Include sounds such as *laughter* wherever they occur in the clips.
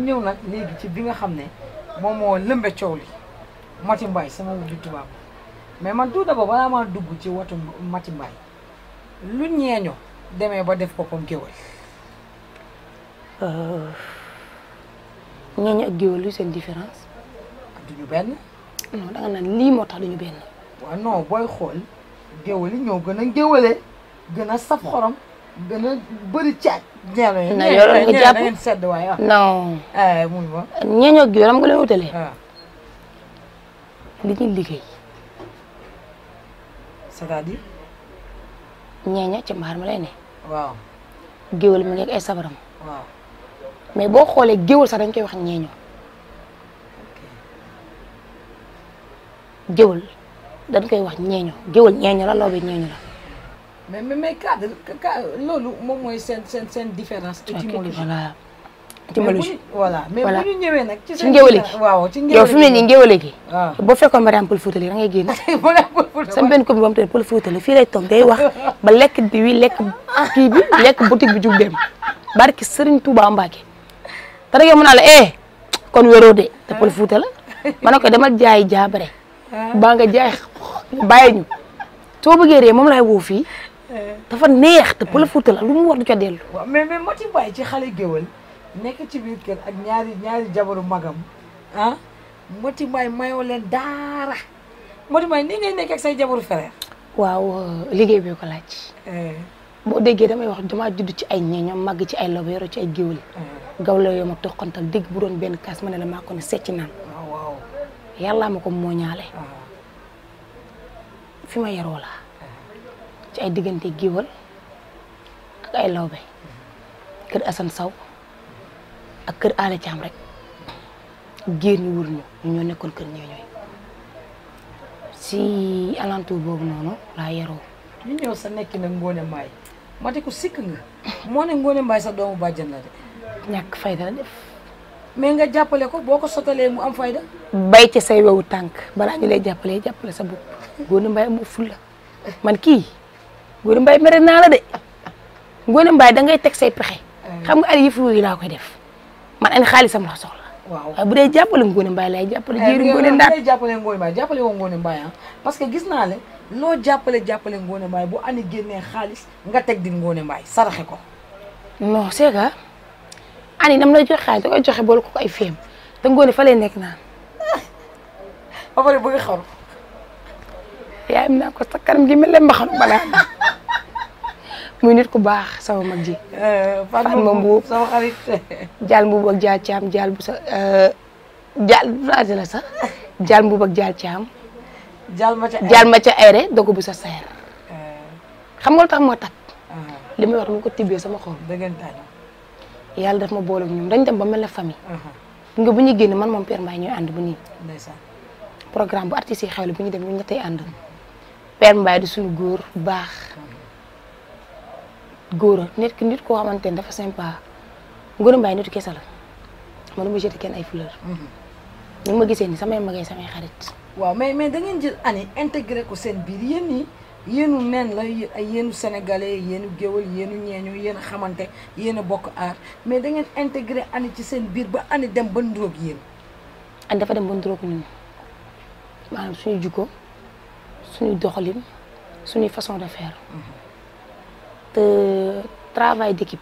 ñëw nag léegi ci bi nga xam ne moom moo lëmbe coow li Mati Mbaye sama wujju tubaab mais man tout d'abord balaa maa dugg ci watu Mati lu ñeeño demee ba def boppam géwél ñeeño euh, ak géwél lu seen différence duñu benn non danga naan lii moo tax duñu benn waaw non booy xool géwél yi ñoo gën a géwélee gën a saf xorom gën a bëri caaj. ñeent na yor na sedd waaye ah. non. Eh, mun ma. ñeeñoo ak yoram nga leen wutalee. Ah. li ñuy liggéey. cest à ci mbaar ma lay ne. waaw. géwél mi ay sabaram. waaw mais boo xoolee géwél sax dañ koy wax ñeeñoo. géwél dañ koy wax ñeeñoo géwél ñeeño la loobe ñeeño mais mais mais cadre loolu moom mooy seen seen seen différence étymologique voilà étymologie voilà mais bu ñu ñëwee nag ci ngéwale gi ci ngéwale gi yow fi mu ne nii ngéwale gi waaw ah. boo fekkoon Mariam Pël Fuuta li da ngay génn sama *laughs* benn commune Pël Fuuta la fii lay toog day wax ba lekk bi wi lekk kii bi lekk boutique bu jug dem barki Serigne Touba Mbacke te nag yow mu naa la eh kon wéroo de te Pël Fuuta la ma ne ko demal jaay jaabare ah. baa nga jaay bàyyi ñu soo bëggee ree moom laay woo fii dafa neex te Pël lu mu war du ca dellu. waaw mais mais Mati Mbaye ci xale géwël nekk ci biir kër ak ñaari ñaari jabaru magam ah Mati Mbaye mayoo leen daara Mati nekk say jabaru frère. waaw euh, liggéey bi ko laaj. Eh. boo déggee damay wax damaa judd ci ay ñeeño màgg ci ay loba yoro ci ay géwël. Eh. gawlo yoo ma toqantal dégg bu doon benn kaas ma ne la maa ko ne secc naan. mooñaale. Ah. fi ma ay diggante géwal ak ay lawbe kër Assane Saw ak kër Aale Caam rek géer ñu wër ñu ñu ñoo nekkoon kër ñooñooy si alentour boobu noonu laa yaroo ñu ñëw sa nekki nag Ngoné Mbaye ma di ko sikk nga moo ne Ngoné Mbaye sa doomu bàjjan la de ñàkk fayda la def mais nga jàppale ko boo ko sotalee mu am fayda bay ci say wewu tànk balaa ñu lay jàppalee jàppale sa bopp Ngoné Mbaye amul fulla man kii Ngoné Mbaye mere naa la de Ngoné Mbaye da ngay teg say pexe. xam nga ay yëf yooyu laa koy def man an xaalisam la soxla. waaw bu dee jàppale Ngoné Mbaye laay jàppale. jéeri Ngoné Ndaat ngay jàppale Ngoné Mbaye jàppale woo Ngoné Mbaye ah. parce que gis naa ne loo jàppale jàppale Ngoné Mbaye bu ani génnee xaalis nga teg di Ngoné Mbaye saraxe ko. non c'est que ani nam lay joxe xaalis da koy joxe boole ko ay féem te ngoone fa nekk naan. *laughs* ba pare bëgg yaayam naa ko sa kanam gi mel ne mbaxalu balaa muy nit ku baax sama mag ji. Eh, Fatma ma sama xarit. Jaal Mbuub ak Jaal Caam Jaal bu sa eh, Jaal bu la sax Jaal Mbuub ak Jaal Caam. Jaal ma ca Ayre ma ca Ayre dogu bu sa seer. Eh. xam nga lu tax moo tax. li may wax lu ko tibbee sama xool dëggantaan yàlla daf ma boole ñoom dañ dem ba mel ne uh-huh. nga bu ñuy génn man moom Père Mbaye ñooy ànd bu nii. ndeysaan programme bu artiste yi xewle bu ñu dem ñu ñettee ànd. Père Mbaye di suñu góor baax góor nit nit koo xamante ne dafa sympa Ngor Mbaye nitu kese la man ma jeté kenn ay fleur mhm. ni ma gisee ni samay magay samay xarit. waaw mais mais da ngeen jël année intégré ko seen biir yéen ñi yéenu nen la yéenu sénégalais yéenu géwal yéenu ñeeño yéen a xamante yéen a bokk aar mais da ngeen intégré année ci seen biir ba année dem ba nduróog yéen. année dafa dem ba nduróog ñun maanaam suñu jikko suñuy doxalin suñuy façon de faire te travail d'équipe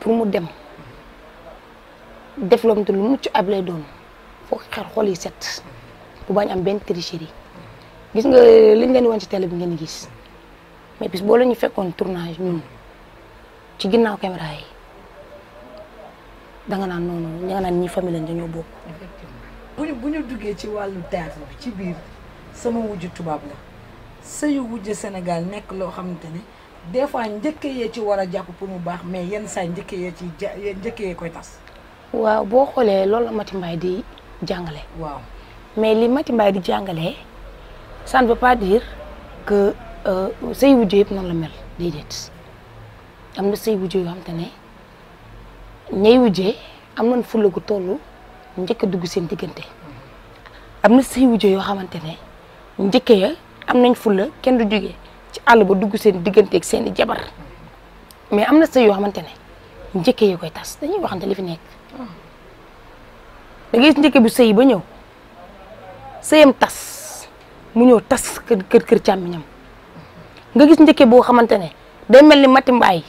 pour mu dem développement lu mucc ab lay doon foog xel xol yi set bu bañ am benn tricherie gis nga liñ leen woon ci tele bi ngeen gis mais bis boo la ñu fekkoon tournage ñun ci ginnaaw caméra yi danga naan noonu danga naan ñi famille lañ dañoo bokk. ci wàllu théâtre ci biir. sama wujj tubaab la sëyu wujj Sénégal nekk loo xamante ne des fois njëkk yee ci war a jàpp pour mu baax mais yenn saa njëkk yee ci ja njëkk yee koy tas. waaw boo xoolee loolu la Mati Mbaye di jàngale. waaw mais li Mati di jàngalee ça ne veut pas dire que euh, sëy wujj yëpp noonu la mel déedéet am na sëy wujj yoo xam te ne ñay wujjee am nañ fulla toll njëkk dugg seen diggante mm-hmm. am na sëy yoo xamante ne. njëkke ya am nañ fulla kenn du jógee ci àll ba dugg seen digganteeg seen i jabar mais am na sa yoo xamante ne njëkke ya koy tas dañuy waxante li fi nekk da ngay gis njëkke bu sey ba ñëw sëyam tas mu ñëw tas kër kër kër càmmiñam nga gis njëkke boo xamante ne da mel ni mati mbaay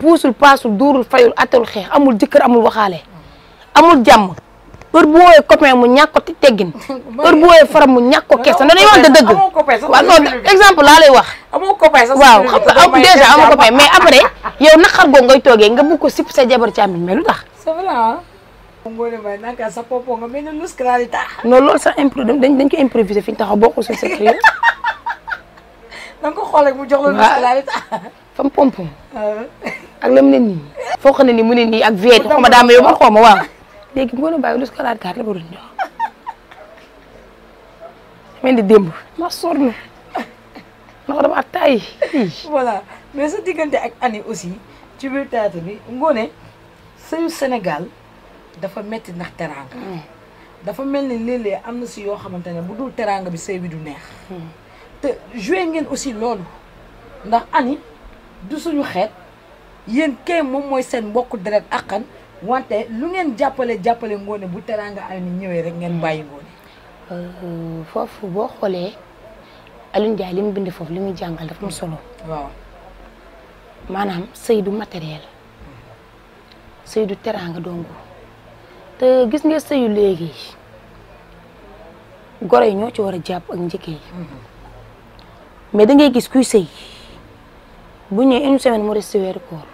puusul paasul duurul fayul attelul xeex amul jëkkër amul waxaale amul jàmm heure bu wooyee copain mu ñàkk ko teggin heure bu wooyee mu ñàkk ko kees na dañuy wax dëgg waaw non exemple laa lay wax waaw xam nga am déjà amoo copain mais après yow naqar goo ngay toogee nga bëgg ko sip sa jabar ci amin mais lu tax non loolu sax impro dañ dañ ko improviser fi ñu taxaw bokku suñ secret *laughs* da ko xoolee mu jox la fam pompom *laughs* ah ak lam ne nii foo xam ne nii mu ne nii ak vie xoma daama yow man xooma waaw *laughs* léegi Ngoné Mbaye lu scolaire card la ma doon jox mel ni démb ma sonn ndax dama taay. voilà mais sa diggante ak Annie aussi ci biir théâtre bi Ngoné sëyu Sénégal dafa metti ndax teraanga. Mm. dafa mel ni léeg am na si yoo xamante ne bu dul teraanga bi sëy bi du neex. Mm. te joué ngeen aussi loolu ndax Annie du suñu xeet yéen kay moom mooy seen mbokku deret akkan wante lu ngeen jàppale jàppale ngoone bu teraanga Alioune ñëwee rek ngeen hmm. bàyyi ngoone. Euh, foofu boo xoolee Alioune Ndiaye li mu bind foofu li muy jàngal dafa am solo. waaw maanaam sëy du matériel sëy du teraanga dong te gis nga sëyu léegi goro yi ñoo ci war a jàpp ak njëkk yi hmm. mais da ngay gis kuy sëy bu ñëwee une semaine mu resté weeru koor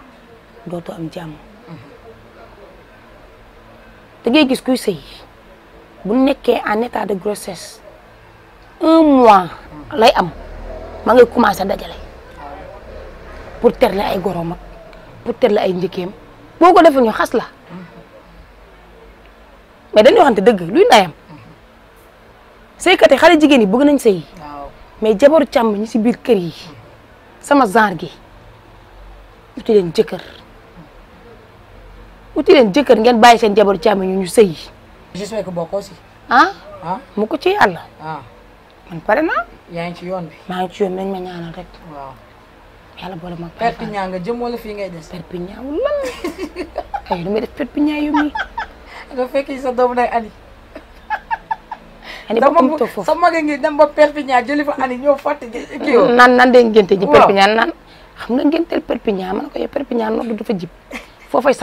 dootoo am jàmm. da ngay gis kuy sëy bu nekkee en netta de grossesse un mois lay am ma ngay commencé dajale pour terle ay gorom ak pour terle ay njëkkeem boo ko defee ñu xas la mais dañuy waxante dëgg luy ndayam sëykat yi xale jigéen yi bëgg nañ sey mais jabaru càmm ñi ci biir kër yi sama genre gi ñu ci leen jëkkër uti leen jëkkër ngeen bàyyi seen jabar càmmi ñu ñu sëyi. j'espère que bokkoo si. Ah? ah. mu ko ci yàlla. ah man pare naa. yaa ngi ci yoon bi. maa ngi ci yoon bi nañ ma ñaanal rek. waaw. yàlla boole ma. Perpignan nga jëm wala fii ngay des. Perpignan wu lan *laughs* ay lu may *laughs* fekk sa doomu nday Ani. Ani ba mu toog foofu sa mag ngi dem ba Perpignan jëli fa Ani ñëw fàtte kii woo. nan nan de ngénte ji Perpignan nan. xam nga ngénteel Perpignan ma ne ko yow Perpignan noddu dafa jib foo fay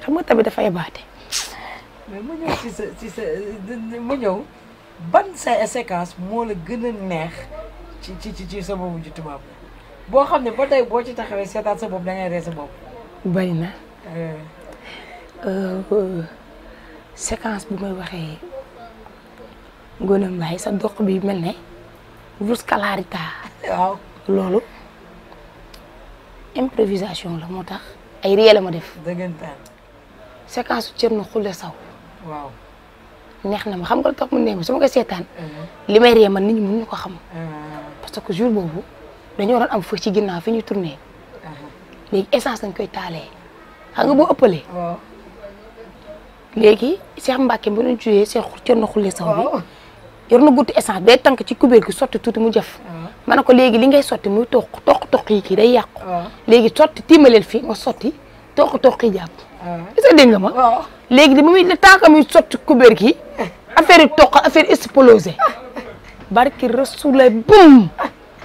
xam nga tamit dafa dafay baate. mais mu ñëw ci sa ci sa mu ñëw ban sa séquence moo la gën a neex ci ci ci ci sa boobu ji boo xam ne ba tey boo ci taxawee seetaat sa bopp da ngay ree sa bopp. bari na. Euh. Euh, séquence bu may waxee Ngoné Mbaye sa doq bi mel ne Rus Kalarita. waaw loolu improvisation la moo tax ay réel la ma def. dëggantaan. séquence su Thierno Khoule Saw. waaw. neex na ma xam nga tax mu ne ma su ma koy seetaan. Eh. li may ree man nit ñi mënuñu ko xam. Eh. parce que jour boobu dañoo doon am foofu ci ginnaaw fi ñu tourné. Eh. léegi essance dañ koy taalee. xam nga boo ëppalee. waaw. léegi Cheikh Mbacke bu ñu juyee Cheikh Thierno Khoule Saw bi. yor na guutu essence day tànk ci kubéer gi sotti tuuti mu jëf. ma ne ko léegi li ngay sotti muy toq toq toq yi kii day yàqu. léegi sotti tiimaleel fii nga sotti toq toq yi jàpp. est-ce que dégg nga ma. waaw léegi de muy le temps que muy sotti kubéer gi affaire yi toq affaire explosé barki Rasulullah bum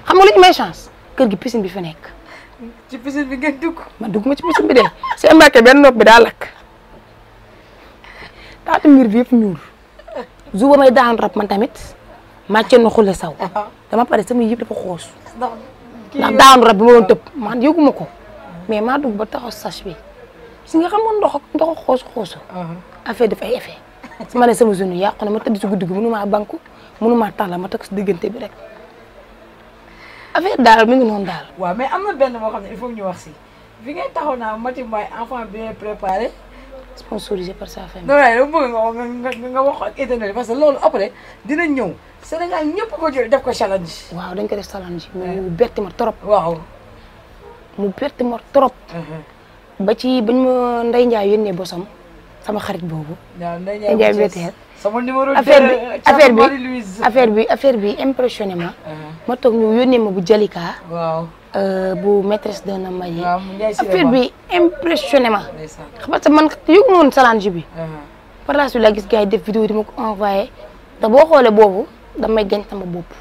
xam nga lu ci may chance kër gi piscine bi fa nekk. ci piscine bi ngeen dugg. man dugg ma ci piscine bi de si embarqué benn nopp bi daa lakk taatu mbir bi yëpp ñuul su ba may daan rab man tamit màccee na xule saw ah. dama pare sama yëpp dafa xoos. ndax daanu rab bi ma doon tëb man ko mais maa dugg ba taxaw sach bi. si nga xamoon ndox ndox xoosu xoosu. Uh-huh. affaire dafay effet. *laughs* si ma ne sama zone yàqu na ma tëdd si guddi gi mënumaa banku mënumaa tàlla ma takk si diggante bi rek affaire daal mi ngi noonu daal. waaw mais am na benn moo xam ne il faut ñu wax si fi ngay taxaw naa Mati Mbaye enfant bien préparé. sponsorisé par sa famille. non waaye bëgg nga wax parce que loolu après dina ñëw Sénégal ñëpp ko jël def ko challenge. waaw dañ ko def challenge. mais eh. mu bett ma trop. waaw mu bett ma trop. Uh-huh. ba ci bañ ma Ndeye Ndiaye yónnee bosam sama xarit boobu. waaw Ndeye Ndiaye Béthier sama numéro affaire bi affaire bi affaire bi affaire bi impressionné ma. Ah. ma toog ñu yónnee ma bu Jalika. waaw euh, bu maîtresse d'un homme marié. affaire bi impressionné ma. parce que man yëgu ma woon salange bi. Ah. par la suite la gis gars yi def vidéo di ma ko envoyé te boo xoolee boobu damay gañ sama bopp.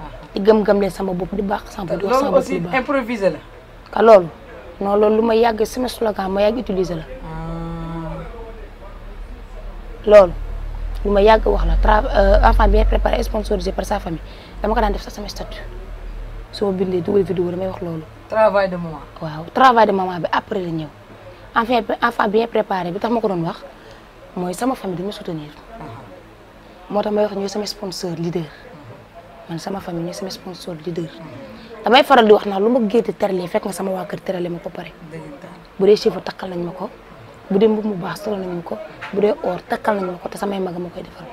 Ah. di gëm-gëm leen sama bopp di baax. sama bopp di baax loolu aussi improvisé la. ka loolu. non loolu lu ma yàgg sama slogan ma yàgg utiliser la loolu ma yàgg wax la tra euh, enfant bien préparé sponsorisé par sa famille dama ko daan def sax sama statut su ma bindee damay wax loolu. travail de maman. waaw travail de bi après la ñëw enfant enfant bien préparé bi tax ma ko doon wax mooy sama famille dañu soutenir uh-huh. moo tax may wax ñooy sama sponsor leader man sama famille ñooy sama sponsor leader. damay faral di wax naa lu ma géeti terale fekk nga sama waa kër terale ma ko pare bu dee chiffre takkal nañ ma ko bu dee mbub mu baax solo nañ ma ko bu dee or takkal nañ ma ko te samay mag ma koy defal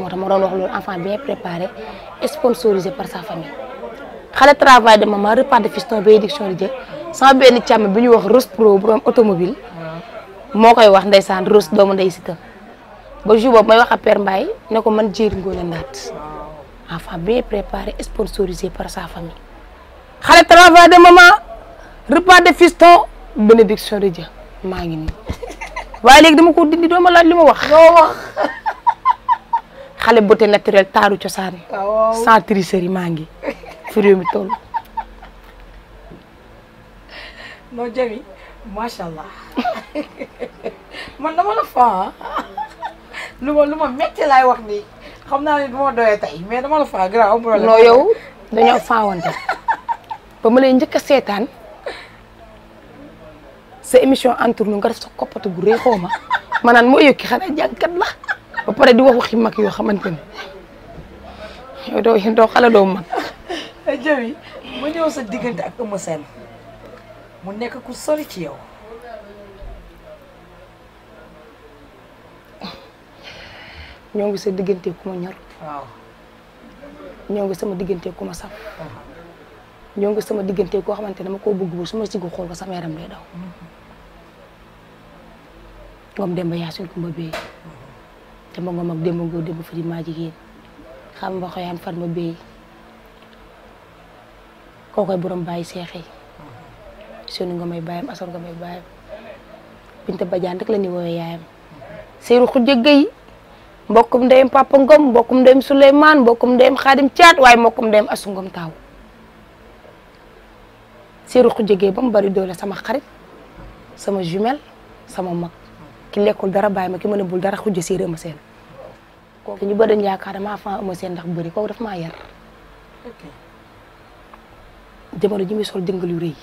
moo tax ma doon wax loolu enfant bien préparé sponsorisé par sa famille xale travail de maman repas de fiston bénédiction di jël càmm bi ñu wax Rose Pro borom automobile moo koy wax ndeysaan Rose doomu ndey si tam ba jour boobu may wax a Père Mbaye ne ko man jéeri ngóone ndaat enfant bien préparé sponsorisé par sa famille xale travail de maman repas de fiston bénédiction de Dieu maa ngi nii waaye léegi dama ko dindi doo ma li ma wax. doo wax xale beauté naturelle taaru cosaan. Ah, waaw sans tricherie maa ngi fi réew mi macha allah *laughs* man dama la faa lu ma lu ma métti laay wax nii. xam naa ne du ma doyee tey mais dama la faa grand problème. non yow dañoo faawante ba ma njëkk a seetaan sa émission entourne nga def sa koppatu gu rëy xaw ma ma naan moo la ba pare di wax waxi mag yoo xamante ne yow doo doo xale doo mag. jëmi sa diggante ak Eumeu Sène mu nekk ku sori ci yow. ñoo ngi sa diggante ku ma ñor. waaw. ñoo sama diggante ku ma saf. Uh-huh. ñoo ngi sama diggante koo xamante ne ma koo bëgg bu su ma sigu xool ko sama yaram lay daw. Uh-huh. comme Demba Yacine Kumba Bey. Uh-huh. Demba Ngom ak Demba Ngor Demba Fadi maa jigéen. xam nga xoyaan Fatma Bey. koo koy borom bàyyi seexee. sonu nga may bàyyam asor nga may bàyyam. Binta Badiane rek la ni yaayam. Seydou Khoudia Gueye. mbokkum ndeyam Papa Ngom mbokkum ndeyam Souleymane mbokkum ndeyam Xaadim Caat waaye mbokkum ndeyam Asu Ngom taaw si ruq jege ba mu bari doole sama xarit sama jumel sama mag ki lekkul dara bàyyi ma ki mën a bul dara xujj séeré ma seen kooku ñu bëri dañ yaakaar damaa fan ama seen ndax bëri kooku daf maa yar jamono ji muy sol dëngal yu rëy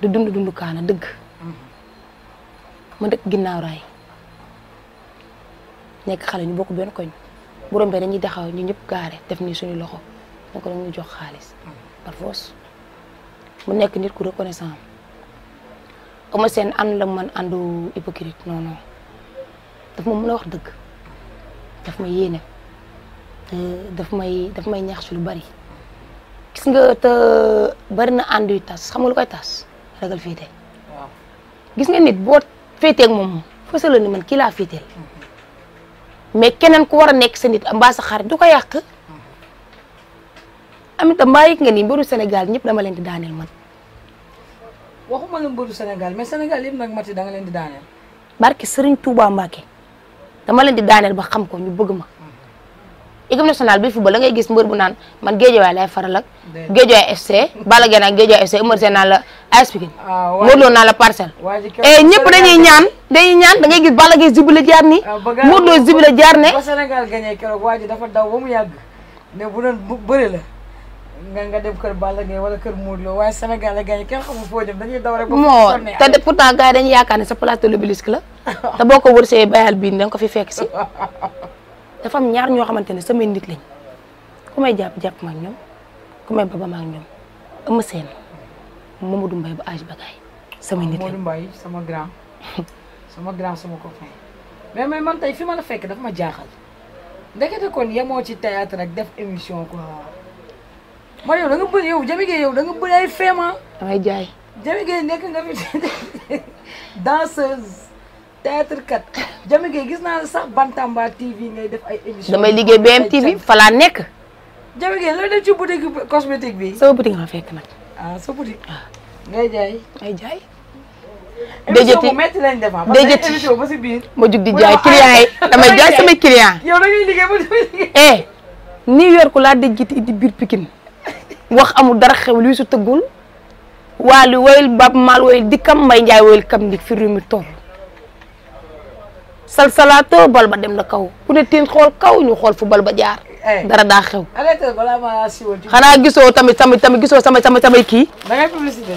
du dund dund kaana dëgg mhm. ma dëkk ginnaaw raay nekk xale ñu bokk benn koñ bu rombee dañuy daxaw ñu ñëpp gaare def nii suñu loxo da ko dañuy jox xaalis par mu nekk nit ku reconnaissant ama seen ànd la man àndu hypocrite non non ma mën a wax dëgg daf ma yéene daf may daf may ñaax ci lu bari gis nga te bari na ànd yu tas xam nga lu koy tas ragal féete. waaw gis nga nit boo féetee ak moom foo sa ni man kii féeteel. Mm-hmm. mais keneen ku war a nekk sa nit mbaa sa xarit du ko yàq amit mbaa yëg nga ni mbiru senegal ñëpp dama leen di daaneel man. waxuma la mbiru senegal mais Sénégal yëpp nag Mati da nga leen di daaneel. barke Serigne Touba Mbacke dama leen di daaneel ba xam ko ñu bëgg ma. équipe nationale bi football da ngay gis mbër bu naan man Guédiawaye lay faral ak. Guédiawaye FC Balla Gaye naan Guédiawaye FC Eumeu Sène naan la AS Pikine. Ah, waaw Modou naan la Parcelles. waa eh, ñëpp dañuy ñaan dañuy ñaan da ngay gis Balla Gaye zibile jaar ni ah, Modou Lo zibile jaar ne. ba Sénégal gagné waa ji dafa daw ba mu yàgg ne bu doon bëri la. nga nga dem kër Balla Gaye wala kër Modou Lo waaye Sénégal la gars yi kenn xamul foo jëm dañuy daw rek. moo te pourtant gars yi dañuy yaakaar ne sa place de l'Obélisque la *laughs* te boo ko wërsee bayal bii da ko fi fekk si. *laughs* dafa am ñaar ñoo xamante ne samay nit lañ ku may jàpp jàpp ma ak ñoom ku may baba ma ak ñoom Eumeu Sène Mamadou ba âge bagaay samay nit lañ sama grand sama grand sama copain mais man tey fi ma la fekk dafa ma jaaxal ndekete kon yemoo ci théâtre rek def émission quoi ma da yow Jami Gueye yow da nga bëri ay feema ah. damay jaay Jami Gueye nekk nga fi *laughs* danseuse kat Jamy gis naa sax Bantamba def ay émissions. damay liggéey BMTV fa laa nekk. Jamy Gueye ci boutique bi. sama boutique nga fekk nag. ah sa boutique. ngay jaay. ngay jaay. émission bu métti lañ ma jug di jaay client yi *laughs* damay jaay samay client yow eh, New York laa déggee indi biir Pikine wax amul dara xew li si tëggul waa li woyul Baaba Maal woyul dikkam Mbay Njaay woyul kam ndik fi réew mi toll. salsalaato bal ba dem na kaw ku ne tiin xool kaw ñu xool fu bal ba jaar. Eh. dara daa xew. xanaa gisoo tamit tamit tamit gisoo sama sama samay kii. da ngay publicité.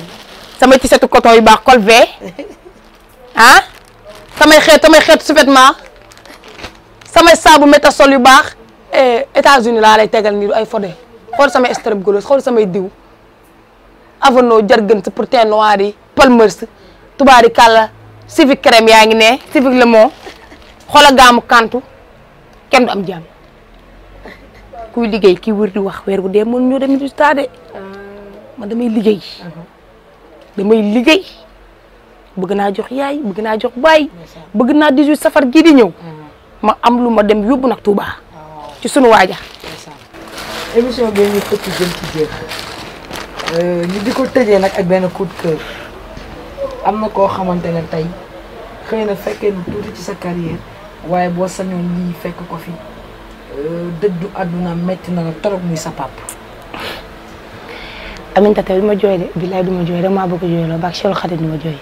samay tisetu coton yu baax col vert ah samay xeet samay xeetu sous-vêtement samay saabu métasol yu baax eh, États-Unis laa lay tegal nii du ay fodé xool samay streptococcus xool samay diw Avano jargën sa pour teint noir yi Palmers tubaari kàlla civic crème yaa ngi ne civic le mont xoola gaamu kantu kenn du am jàmm kuy liggéey kii wër di wax weer bu dee mën ñoo dem résultat de man damay liggéey damay liggéey bëgg naa jox yaay bëgg naa jox baay bëgg naa 18 safar gii di ñëw ma am lu ma dem yóbbu nag Touba ci sunu waaja émission bi ñu fëkk jëm ci jéeg euh, ñu di ko tëjee nag ak benn coup de am na koo xamante ne tey xëy na fekkee lu tuuti ci sa carrière waaye boo sañoon lii fekk ko fi euh, dëddu àdduna metti na la torop muy sa pàpp aminta tey du ma jooy de billaay du ma jooy rek maa bëgg a ma jooy.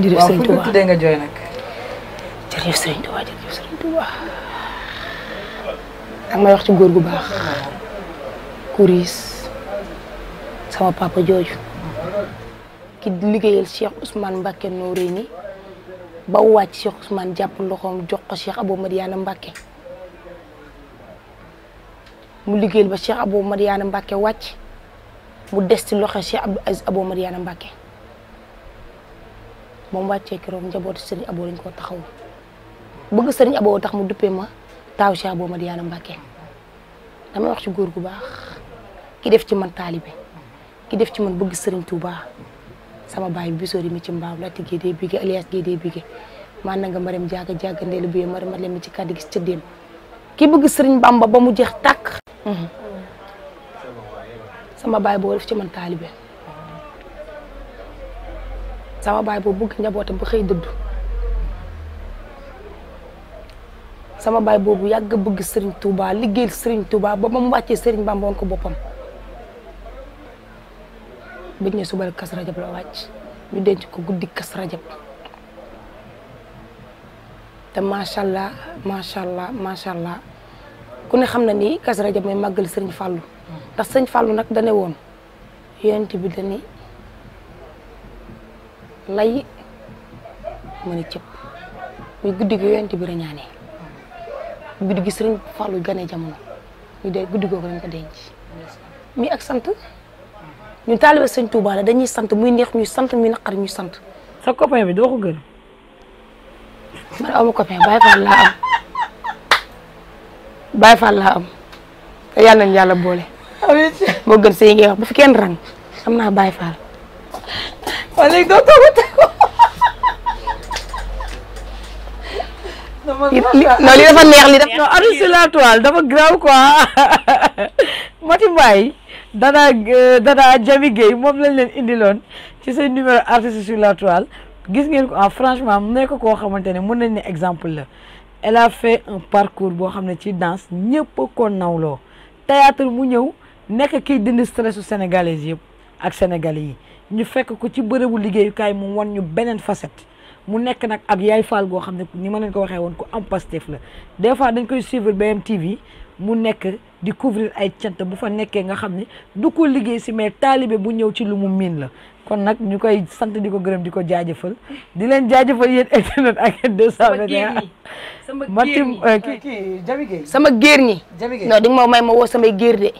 jërëjëf Serigne Touba nga jooy nag. jërëjëf Serigne may wax ci góor gu baax. Kuris sama papa jooju. ki liggéeyal Cheikh Ousmane Mbacké Noreyni. ba wàcc Cheikh Ousmane jàpp loxoom jox ko Cheikh Abou Madiana Mbacke mu liggéeyal ba Cheikh Abou Madiana Mbacke wàcc mu des ci loxo Cheikh Abdou Aziz Abou Madiana Mbacke moom wàccee keroog njabootu Serigne Abou lañ ko taxawu bëgg Serigne Abou tax ma taaw Cheikh Abou Madiana Mbacke damay wax ci góor gu baax ki def ci man taalibe ki def ci man bëgg Serigne Touba. sama baay bi bisori mi ci mbaaw lati gée dee bigé alias gée dee bigé maa nanga marim jaaga jaaga ndeelu biyee marim ale mi ci kàddu gis ca ki bëgg sëriñ Bamba ba mu jeex tàkk mhm. sama baay boo def ci man taalibe sama baay boo bëgg njabootam ba xëy dëddu sama baay boobu yàgg bëgg sëriñ Touba liggéeyal sëriñ Touba ba mu wàccee sëriñ Bamba woon boppam bañ ne suba la kas rajab la wàcc ñu denc ko guddi kas rajab te macha allah macha allah macha allah ku ne xam na ni kas rajab mooy màggal sëriñ fàllu ndax sëriñ fàllu nag dane woon yonent bi dani lay mën a cëpp muy guddi gi yonent bi rañaane guddi gi sëriñ fàllu gane jamono ñu de guddi googu lañ ko denc mi ak sant ñun taalibe sëñ Touba la dañuy sant muy neex ñuy sant muy naqar ñuy sant. sa copain bi doo ko gën. man amu copain Baye Fall laa am laa am te yàlla nañu yàlla boole. amiin moo gën sëy ngay wax bu fi kenn rang am dafa neex li dafa. non arrosé la toile dafa grave quoi *laughs* Mati Dada eh, Dada Jami Gueye moom lañ leen indiloon ci seen numéro artiste sur la toile gis ngeen ko en ah, franchement mu nekk koo xamante ne mën nañ ne exemple la elle a fait un parcours boo xam ne ci danse ñëpp ko nawloo théâtre mu ñëw nekk kiy dindi stressu sénégalais yëpp ak sénégalais yi ñu fekk ko ci bërëbu liggéeyukaay mu wan ñu beneen facette mu nekk nag ak yaay Fall goo xam ne ni ma leen ko waxee woon ku am pastef la des fois dañ koy suivre BMTV. mu nekk di couvrir ay cant bu fa nekkee nga xam ni du ko liggéey si mais talibe bu ñëw ci lu mu miin la kon nag ñu koy sant di ko gërëm di ko jaajëfal di leen jaajëfal yéen internet ak *laughs* deux cent vingt et un ma tim sama géer ñi non di nga ma may ma woo samay géer de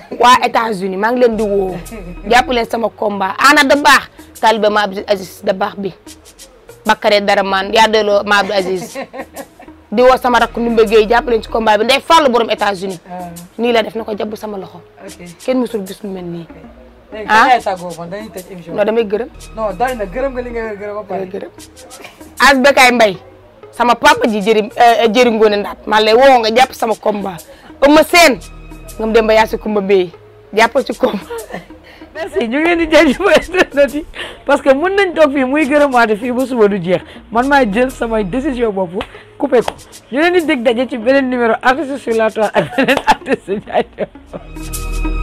*laughs* waa États-Unis maa ngi leen di woo jàpp leen sama combat ana da baax taalibe ma Abdou Aziz da baax bi Bakare dara man yaa delloo ma Abdou Aziz *laughs* di woo sama rakk Ndoumbé Guèye jàppaleen ci combat bi ndey fàllu borom États-Unis ah. nii la def na ko jàpp sama loxo kenn musul gis lu mel nii ah non damay gërëm non doy gërëm nga li nga gërëm ba pare gërëm as Bekaay Mbaye sama papa ji jëri eh, eh, jëri ngoone ndaat maa lay woo nga jàpp sama combat ëmma seen ngam dem ba yaa si kumba béy jàppal ci combat merci ñu ngeen di jaajëfal yi parce que mën nañ toog fii muy gërëmaate fii ba suba du jeex man maay jël samay décision bopp coupé ko ñu leen di dégg daje ci beneen numéro artiste sur la toile ak beneen artiste jaajëf